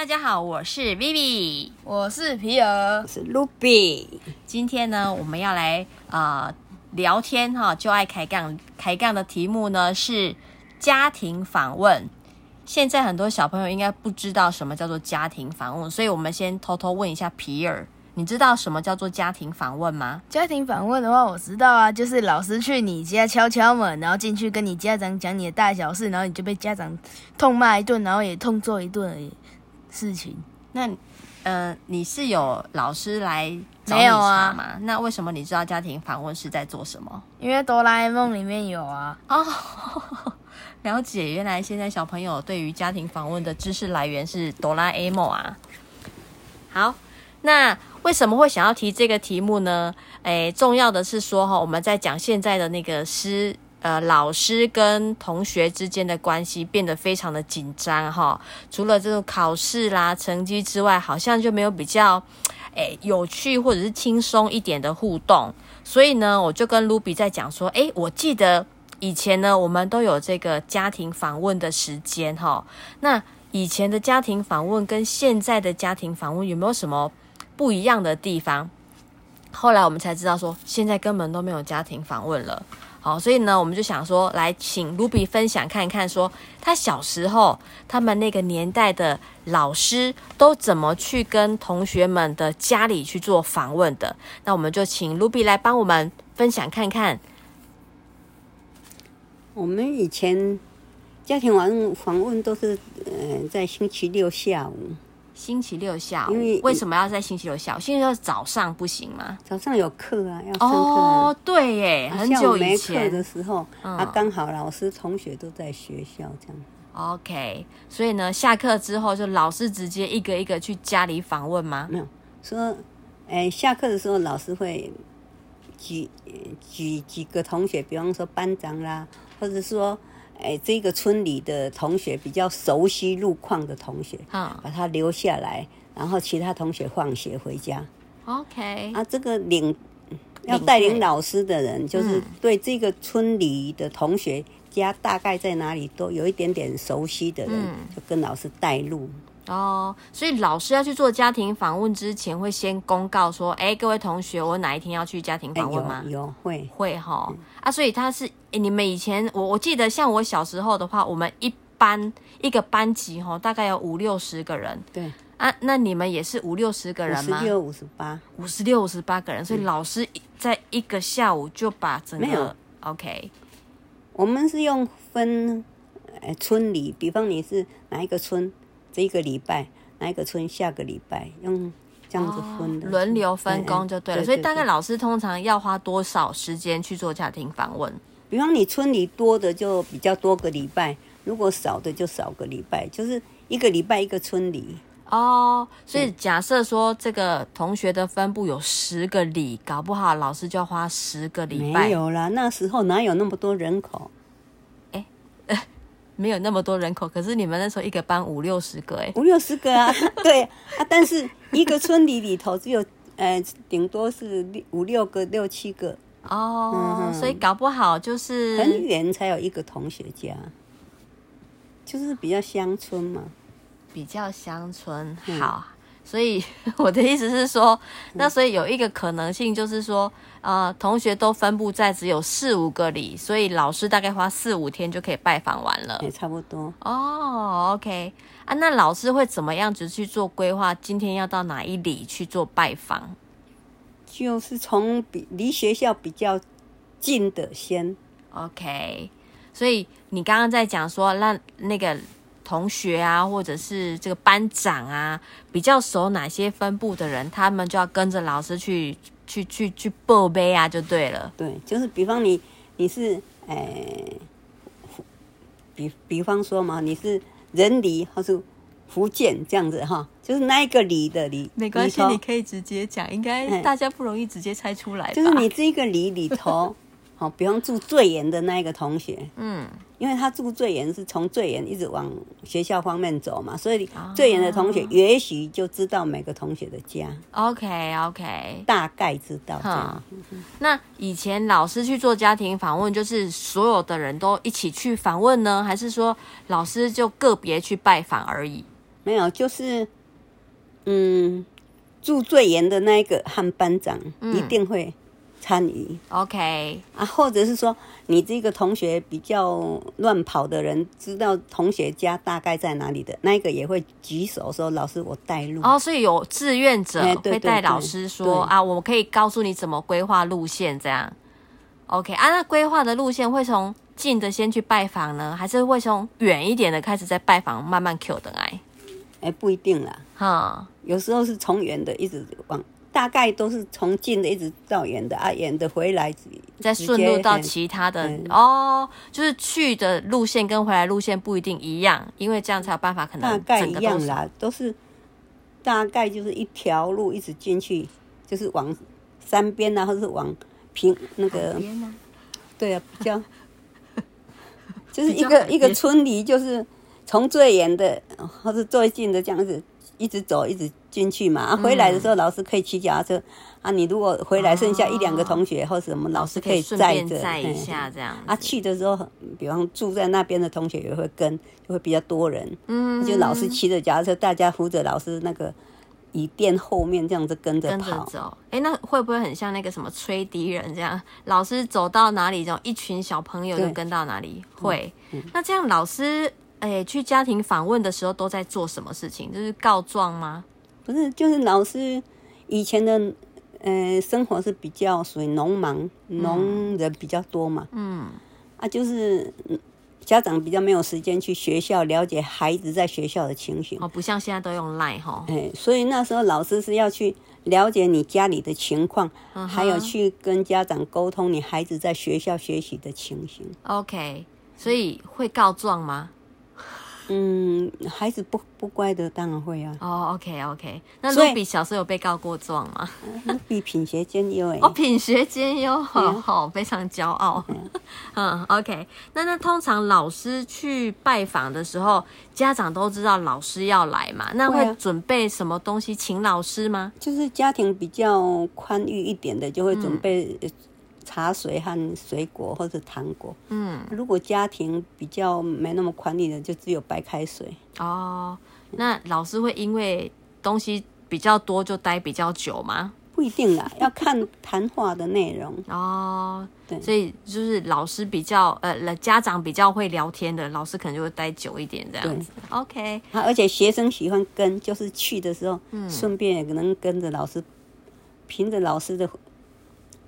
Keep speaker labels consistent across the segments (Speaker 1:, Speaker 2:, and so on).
Speaker 1: 大家好，我是 Vivi，我是皮爾，我是 Ruby。今天呢，我們要來啊、呃、聊天哈，就愛開槓，開槓的題目呢是家庭訪問。現在很多小朋友應該不知道什麼叫做家庭訪問，所以我們先偷偷問一下皮爾，你知道什麼叫做家庭訪問嗎？家庭訪問的話，我知道啊，就是老師去你家敲敲門，然後進去跟你家長講你的大小事，然後你就被家長痛罵一頓，然後也痛揍一頓而已。事情，那呃，你是有老師來沒有啊？那為什麼你知道家庭訪問是在做什麼？因為哆啦 A 夢裡面有啊。哦呵呵，了解，原來現在小朋友對於家庭訪問的知識來源是哆啦 A 夢啊。好，那為什麼會想要提這個題目呢？誒、欸，重要的是說哈，我們在講現在的那個詩。呃，老師跟同學之間的關係變得非常的緊張哈。除了這種考試啦、成績之外，好像就沒有比較，誒、欸，有趣或者是輕鬆一點的互動。所以呢，我就跟盧比在講說，誒、欸，我記得以前呢，我們都有這個家庭訪問的時間哈。那以前的家庭訪問跟現在的家庭訪問有沒有什麼不一樣的地方？後來我們才知道說，現在根本都沒有家庭訪問了。好，所以呢，我們就想說，來請盧比分享看一看說，說他小時候他們那個年代的老師都怎麼去跟同學們的家裡去做訪問的。那我們就請盧比來幫我們分享看看。
Speaker 2: 我們以前家庭訪訪問都是，嗯、呃，在星期六下午。
Speaker 1: 星期六下午為，為什麼要在星期六下午？星期六早上不
Speaker 2: 行嗎？早上有課啊，要上課。哦、oh，對耶，很久沒課的時候，那、啊、剛好老師同學都在學校這樣。
Speaker 1: OK，所以呢，下課之
Speaker 2: 後就老師直接一
Speaker 1: 個一個去家裡訪問嗎？沒有，
Speaker 2: 說，哎，下課的時候老師會幾，幾，幾個同學，比方說班長啦，或者說。哎，這個村裡的同學比較熟悉路況的同學，啊、哦，把他留下來，然後其他同學放學回家。OK。啊，這個領
Speaker 1: 要帶領老
Speaker 2: 師的人，就是對這個村裡的同學家大概在哪裡都有一點點熟悉的人，就跟老師帶路。嗯嗯、啊，這個
Speaker 1: 哦，所以老師要去做家庭訪問之前，會先公告說：“哎、欸，各位同學，我哪一天要去家庭訪問嗎？”欸、有，有會會哈、嗯、啊，所以他是，欸、你們以前我我記得，像我小時候的話，我們一班一個班級哈，大概有五六十個人。對，啊，那你們也是五六十個人嗎？五十六、五十八，五十六、五十八個人，所以老師在一個下午就把整個，嗯、沒有、OK，
Speaker 2: 我們是用分哎、欸、村裡，比方你是哪一個村？這一個禮拜，那一個村下個禮拜用這樣子分的。哦，輪流分工就對了。嗯，對對對。所以大概
Speaker 1: 老師通常要花多少時間去做家庭訪問？
Speaker 2: 比方你村裡多的就比較多個禮拜，如果少的就少個禮拜，就是一個禮拜一個村裡
Speaker 1: 哦。所以假設說這個同學的分布有十個里，搞不好老師就要花十個禮拜。沒有
Speaker 2: 啦，那時候哪有那麼多人口？
Speaker 1: 沒有那麼多人口，可是你們那時候一個班五六十個
Speaker 2: 哎，五六十個啊，對 啊，但是一個村里裡頭只有呃，頂多是五六個、六七個
Speaker 1: 哦、嗯，所
Speaker 2: 以搞不好就是很遠才有一個同學家，就是比較鄉村嘛，比較鄉村，好。嗯所以我的意思是說，那所以有一個
Speaker 1: 可能性就是說，啊、呃，同學都分布在只有四五個里，所以老師大概花四五天就可以拜訪完了，
Speaker 2: 也差不多
Speaker 1: 哦。Oh, OK，啊，那老師會怎麼樣子去做規劃？今天要到哪一里去做拜訪？
Speaker 2: 就是從比離學校比較近的先。OK，
Speaker 1: 所以你剛剛在講說那，那個。同學啊，或者是這個班長啊，比較熟哪些分部的人，他們就要跟着老師去
Speaker 2: 去去去報備啊，就對了。對，就是比方你你是誒、欸，比比方說嘛，你是人里或是福建這樣子哈？就是那一個里的里，沒關係，你
Speaker 1: 可以直接講，應該大家不容易直接猜出來、嗯。就是你
Speaker 2: 這個里裡頭，好， 比方住最遠的那一個同學，嗯。因為他住最遠是從最遠一直往學校方面走嘛，所以最遠的同學也許就知道每個同學的家。
Speaker 1: OK、啊、OK，大概知道這樣 okay, okay。那以前老師去做家庭訪問，就是所有的人都一起去訪問呢，還是說老師就個別去拜訪而已？
Speaker 2: 沒有，就是嗯，住最遠的那一個和班長一定會、嗯。參與，OK 啊，或者是說你這個同學比較亂跑的人，知道同學家大概在哪裡的，那一個也會舉手說：“老師，我帶路。”哦，所
Speaker 1: 以有志願者會帶老師說、欸：“啊，我可以告訴你怎麼規劃路線。”這樣，OK 啊，那規劃的路線會從近的先去拜訪呢，還是會從遠一點的開始再拜訪，慢慢 Q 等來？
Speaker 2: 哎、欸，不一定啦，哈、嗯，有時候是從遠的一直往。大概都是從近的一直到遠的啊，遠的回來再順路到其他的、嗯、哦，就
Speaker 1: 是去的路線跟回來路線不一定一樣，因為這樣才有辦法。可能大概一樣啦，
Speaker 2: 都是大概就是一條路一直進去，就是往山邊啊，或是往平那個，對啊，比較
Speaker 1: 就是一個一
Speaker 2: 個村裡，就是從最遠的或是最近的這樣子一直走，一直。進去嘛，啊，回來的時候老師可以騎腳踏車。嗯、啊，你如果回來剩下一兩個同學、哦、或者什麼，老師可以載着，載一下這樣。啊，去的時候，比方住在那邊的同學也會跟，就會比較多人。嗯，就老師騎着腳踏車，大家扶着老師那個椅墊後面這樣子跟着跑跟走。
Speaker 1: 哎、欸，那會不會很像那個什麼吹笛人這樣？老師走到哪裡，然後一群小朋友就跟到哪
Speaker 2: 裡。會、嗯
Speaker 1: 嗯。那這樣老師哎、欸，去家庭訪問的時候都在做什麼事情？就是告狀嗎？
Speaker 2: 不是，就是老師以前的，嗯、呃，生活是比較屬於農忙，農、嗯、人比較多嘛。嗯，啊，就是家長比較沒有時間去學校了解孩子在學校的情形。哦，不像現在都用賴哈、哦。哎、欸，所以那時候老師是要去了解你家裡的情況、
Speaker 1: 嗯，還有去
Speaker 2: 跟家長溝通你孩子在學校學習的情形。
Speaker 1: OK，所以會告狀嗎？
Speaker 2: 嗯，孩子不不乖的當然會啊。哦、oh,，OK OK，那露比小時候有被
Speaker 1: 告過狀嗎？那
Speaker 2: 露比、uh, 品學兼優、欸，我、oh,
Speaker 1: 品學兼優，很好，非常驕傲。嗯、yeah. ，OK，那那通常老師去拜訪的時候，家長都知道老師要
Speaker 2: 來嘛？那會準備什麼東西、yeah. 請老師嗎？就是家庭比較寬裕一點的，就會準備。嗯茶水和水果或者糖果，嗯，如果家庭比較沒那麼寬裕的，就只有白開水。
Speaker 1: 哦，那老師會因為東西比較多就待比較久嗎？
Speaker 2: 不一定啦， 要看談話的內容。哦，對，所以就是老師比較
Speaker 1: 呃，家長比較會聊天的，老師可能就會待久一點這樣子。OK，那而
Speaker 2: 且學生喜歡跟，就是去的時候，嗯，順便也能跟着老師，憑着老師的。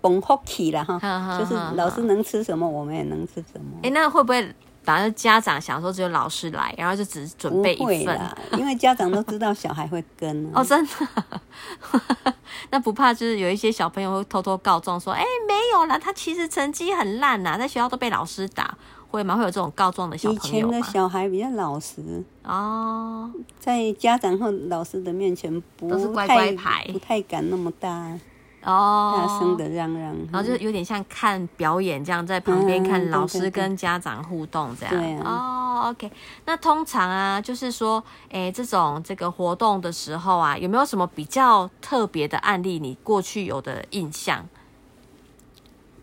Speaker 2: 甭客氣了哈，呵呵呵，就是老師能吃什麼，呵呵呵，我們也能吃什麼。
Speaker 1: 哎、欸，那會不會反正家長想說只有老師來，然後就只準備一份？不會啦，
Speaker 2: 因為家長都知道小孩會跟、啊、 哦，真的。 那不怕就是有一些
Speaker 1: 小朋友會偷偷告狀說：“哎、欸，沒有啦，他其實成績很爛吶、啊，在學校都被老師打。”
Speaker 2: 會嗎？會有這種告狀的小朋友？以前的小孩比較老實哦，在家長和老師的面前不是乖乖牌，太不太敢那麼大。哦、oh,，大聲的嚷嚷，然後就
Speaker 1: 有點像看表演這樣，在旁邊看老師跟家長互動這樣。嗯、對，對，對，哦、啊 oh,，OK。那通常啊，就是說，哎，這種這個活動的時候啊，有沒有什麼比較特別的案例？你過去有的
Speaker 2: 印象？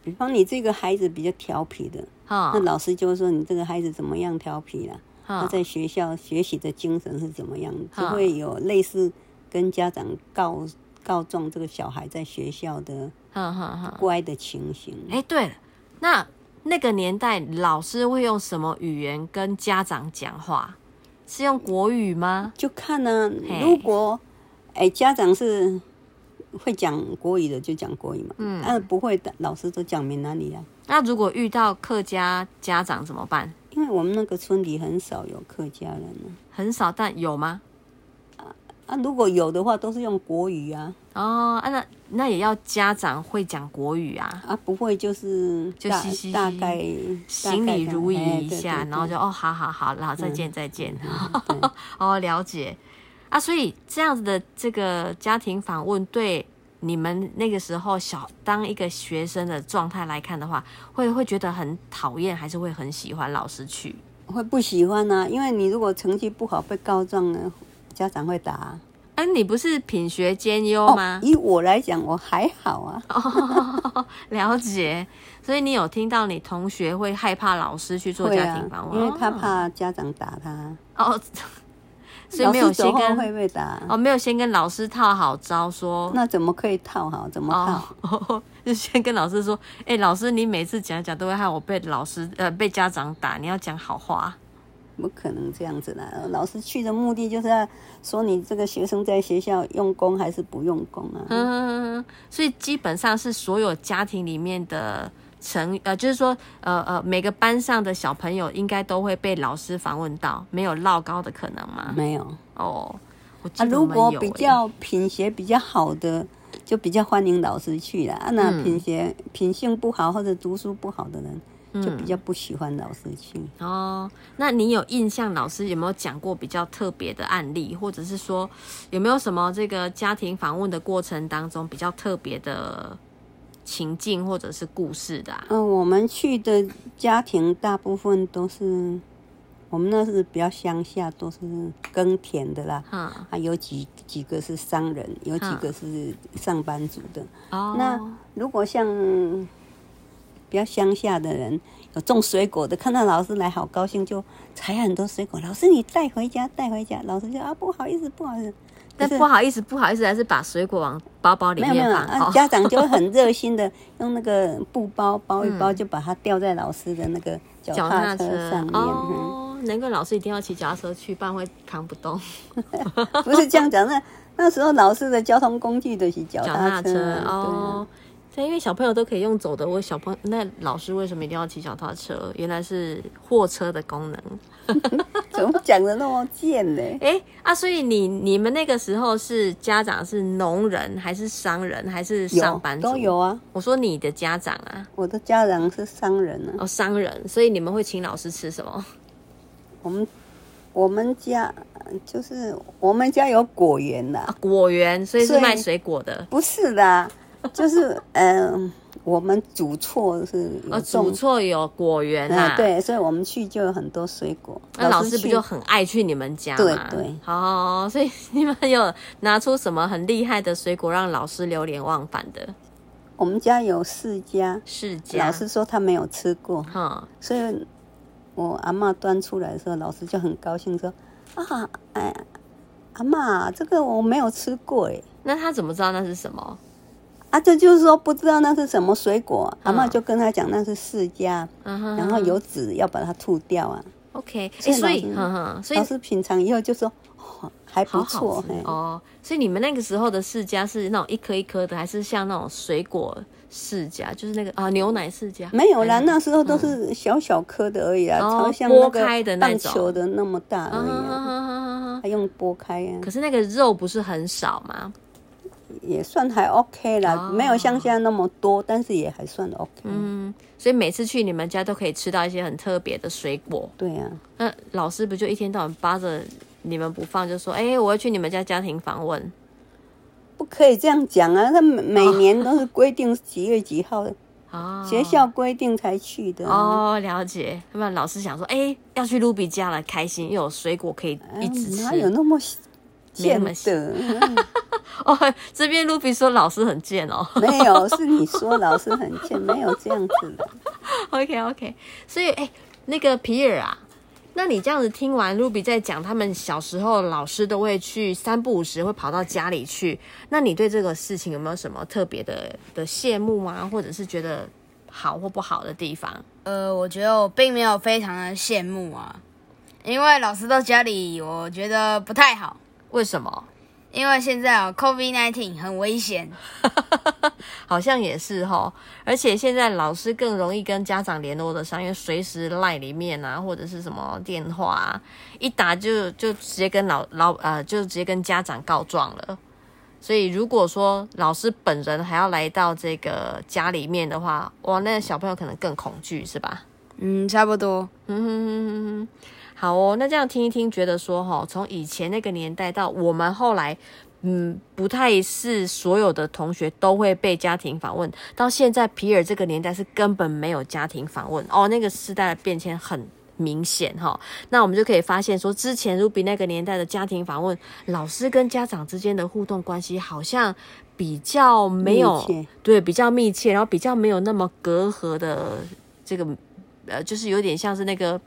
Speaker 2: 比方你這個孩子比較調皮的，oh, 那老師就說你這個孩子怎麼樣調皮了、啊？Oh, 他在學校學習的精神是怎麼樣？就會有類似跟家長告。告狀，這個小孩在學校的乖的情形。哎、嗯嗯，對了，
Speaker 1: 那那個年代老
Speaker 2: 師會用什麼語言跟家
Speaker 1: 長講話？是用國語嗎？就
Speaker 2: 看呢、啊。如果哎家長是會講國語的，就講國語嘛。嗯，啊、不會的，老師都講閩南語啊。
Speaker 1: 那如果遇到客家家長怎麼辦？因
Speaker 2: 為我們那個村裡很少有客家人、啊、很少，但有嗎？啊，如果有的話，都是用國語啊。哦，啊，那那也要
Speaker 1: 家長會講國語啊。啊，
Speaker 2: 不會就是大就息息大概行禮如儀一下，哎、然後就哦，
Speaker 1: 好好好，然後再見、嗯、再見
Speaker 2: 好、嗯。哦，了解。
Speaker 1: 啊，所以這樣子的這個家庭訪問，對你們那個時候小當一個學生的狀態來看的話，會會覺得很討厭，還是會很喜歡老師去？
Speaker 2: 會不喜歡呢、啊，因為你如果成績不好，被告狀呢。家
Speaker 1: 長會打。啊，哎、啊，你不是品學兼優嗎？哦。以我
Speaker 2: 來講，我還好
Speaker 1: 啊、 哦。了解，所以你有聽到你同學會害怕老師去做家庭訪問。啊，因為他怕
Speaker 2: 家長打他。
Speaker 1: 哦，所以沒有先跟會
Speaker 2: 不會打。哦，
Speaker 1: 沒有先跟老師套好招說。說那
Speaker 2: 怎麼可以套好？怎麼套？
Speaker 1: 哦、呵呵就先跟老師說，哎、欸，老師，你每次講講都會害我被老師呃被家長打，你要講好話。
Speaker 2: 怎麼可能這樣子呢？老師去的目的就是說你這個學生在學校用功還是不用功啊？嗯，
Speaker 1: 所以基本上是所有家庭裡面的成呃，就是說呃呃，每個班上的小朋友應該都會被老師訪問到，沒有落高的可能嗎？沒有
Speaker 2: 哦有、
Speaker 1: 欸。啊，如果比較
Speaker 2: 品學比較好的，就比較歡迎老師去啦。那、啊、品學、嗯、品性不好或者讀書不好的人。嗯、就比較不喜歡老師去
Speaker 1: 哦。那你有印象老師有沒有講過比較特別的案例，或者是說有沒有什麼這個家庭訪問的過程當中比較特別的情境或者是故事的、啊？
Speaker 2: 嗯、呃，我們去的家庭大部分都是我們那是比較鄉下，都是耕田的啦。哈啊，有幾幾個是商人，有幾個是上班族的。哦，那如果像。比較鄉下的人有種水果的，看到老師來好高興，就採很多水果。老師，你帶回家，帶回家。老師就啊，不好意思，不好意思。是，但是不好意思，不好意思，還是把水果往包包裡面放。沒，有沒有、啊、家長就會很熱心的 用那個布包包一包，嗯，就把它吊在老師的那個腳踏車上面。
Speaker 1: 哦，難、嗯、怪老師一定要騎腳踏車去，不然會扛不動。
Speaker 2: 不是這樣講，那那時候老師的交通工具都是腳踏車，腳踏車哦。
Speaker 1: 因為小朋友都可以用走的，我小朋友那老師為什麼一定要騎腳踏車？原來是貨車的功能。
Speaker 2: 怎麼講的那麼賤呢？哎、欸、啊，所以
Speaker 1: 你你們那個時候是家長是農人還是商人還是上班族有都
Speaker 2: 有啊？我說你的
Speaker 1: 家長啊，
Speaker 2: 我的家人是商人啊。哦，商人，所以你們會請老師吃什麼？我們我們家就是我們家有果園啊,啊。果園所以是賣水果的，不是的、啊。 就是嗯、呃，我們祖厝是、哦、祖厝
Speaker 1: 有果園啊、呃，對，
Speaker 2: 所以我們去就有很多水果。那、啊、老師，老師不就很
Speaker 1: 愛去你們家嗎？對對。哦，所以你們有拿出什麼很厲害的水果讓老師流連忘返的？
Speaker 2: 我們家有釋迦，釋迦，老師說他沒有吃過，哈、嗯。所以我阿嬤端出來的時候，老師就很高興說：“啊，哎，阿嬤，這個我沒有吃過誒。”
Speaker 1: 那他怎麼知道那是什麼？
Speaker 2: 啊，這就，就是說不知道那是什麼水果，阿嬤就跟他講那是釋迦、嗯，
Speaker 1: 然後有
Speaker 2: 籽要把它吐掉啊。嗯嗯、OK，所以哈哈，所以是、嗯嗯、老師品嘗以後就說、哦、還不錯、欸、哦。
Speaker 1: 所以你們那個時候的釋迦是那種一顆一顆的，還是像那種水果釋迦，就是那個啊牛奶釋迦、嗯嗯？沒有
Speaker 2: 啦，那時候都是小小顆的而已啊，嗯、超像那個棒球的那麼大而已啊。哈哈哈哈，還用剝開呀、啊？可是那個肉不是很少嗎？也算還 OK 啦，oh. 沒有像鄉下那麼多，但是也還算 OK。
Speaker 1: 嗯，所以每次去你們家都可以吃到一些很特別的水果。
Speaker 2: 對啊，那
Speaker 1: 老師不就一天到晚巴著你們不放，就說：“哎、欸，我要去你們家家庭訪問。”
Speaker 2: 不可以這樣講啊！他每，每年都是規定幾月幾號，oh. 學校規定才去的，啊。哦，oh,，
Speaker 1: 了解。那麼老師想說：“哎、欸，要去露比家了，開心又有水果可以一直吃。啊”哪有那麼？賤的，嗯、 哦，這邊 Ruby 說老師很賤哦， 沒有，是
Speaker 2: 你說老師很賤，沒有這樣
Speaker 1: 子的。 OK OK，所以哎、欸，那個 Pierre 啊，那你這樣子聽完 Ruby 在講他們小時候老師都會去三不五時會跑到家裡去，那你對這個事情有沒有什麼特別的的羨慕啊，或者是覺得好或不好的地方？呃，我覺得我並沒有非常的羨慕啊，因為老師到家裡，我覺得不太好。為什麼？因為現在啊、哦、COVID-19 很危險， 好像也是哈、哦。而且現在老師更容易跟家長聯絡的上，因為隨時賴裡面啊，或者是什麼電話、啊、一打就就直接跟老老呃，就直接跟家長告狀了。所以如果說老師本人還要來到這個家裡面的話，哇，那個、小朋友可能更恐懼是吧？嗯，差不多。嗯哼哼哼哼哼。好哦，那這樣聽一聽，覺得說齁，從以前那個年代到我們後來，嗯，不太是所有的同學都會被家庭訪問，到現在 Pierre 這個年代是根本沒有家庭訪問哦，那個時代的變遷很明顯齁。那我們就可以發現說，之前 Ruby 那個年代的家庭訪問，老師跟家長之間的互動關係好像比較沒有對比較密切，然後比較沒有那麼隔閡的這個呃，就是有點像是那個。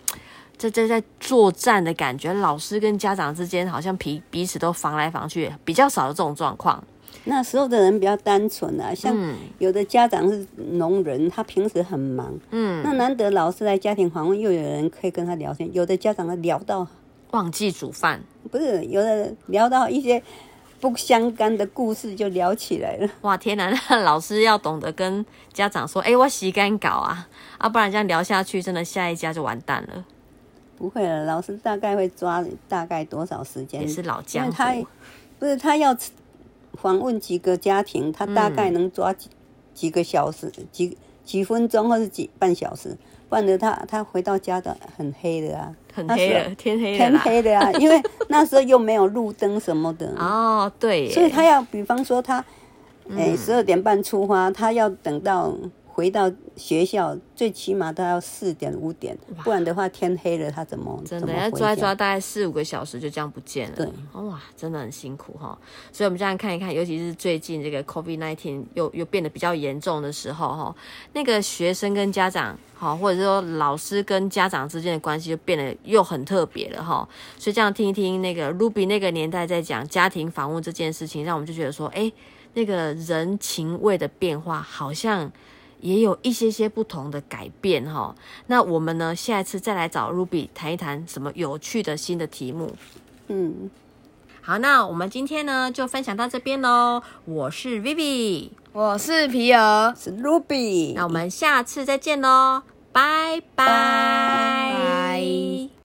Speaker 1: 在在在作戰的感覺，老師跟家長之間好像彼彼此都防來防去，比較少的這種狀況。
Speaker 2: 那時候的人比較單純啊，像有的家長是農人、嗯，他平時很忙，嗯，那難得老師來家庭訪問，又有人可以跟他聊天。有的家長聊到忘記煮飯，不是有的聊到一些不相干的故事就聊起來了。哇，天哪！那老師
Speaker 1: 要懂得跟家長說：“哎、欸，我洗干搞啊！」啊，不然這樣聊下去，真的下一家就完蛋了。”
Speaker 2: 不會了，老師大概會抓大概多少時間？也是老江湖，不是，他要訪問幾個家庭，他大概能抓幾幾個小時、幾幾分鐘，或是幾半小時。不然的，他他回到家的很黑的啊，很黑的，天黑天黑的啊， 因為那時候又沒有路燈什麼的啊，oh, 對，所以他要，比方說他、欸、十二點半出發，他要等到。回到學校，最起碼都要四點五點，不然的話天黑了，他怎麼真的怎麼要抓一抓，
Speaker 1: 大概四五個小時就這樣不見了。對。哇，真的很辛苦哈。所以我們這樣看一看，尤其是最近這個 COVID-19 又又變得比較嚴重的時候哈，那個學生跟家長，好或者是說老師跟家長之間的關係就變得又很特別了哈。所以這樣聽一聽那個 Ruby 那個年代在講家庭訪問這件事情，讓我們就覺得說，哎、欸，那個人情味的變化好像。也有一些些不同的改變齁，那我們呢下一次再來找 Ruby 談一談什麼有趣的新的題目。嗯，好，那我們今天呢就分享到這邊嘍。我是 Vivi，我是皮兒，是 Ruby。那我們下次再見嘍，拜拜。Bye. Bye.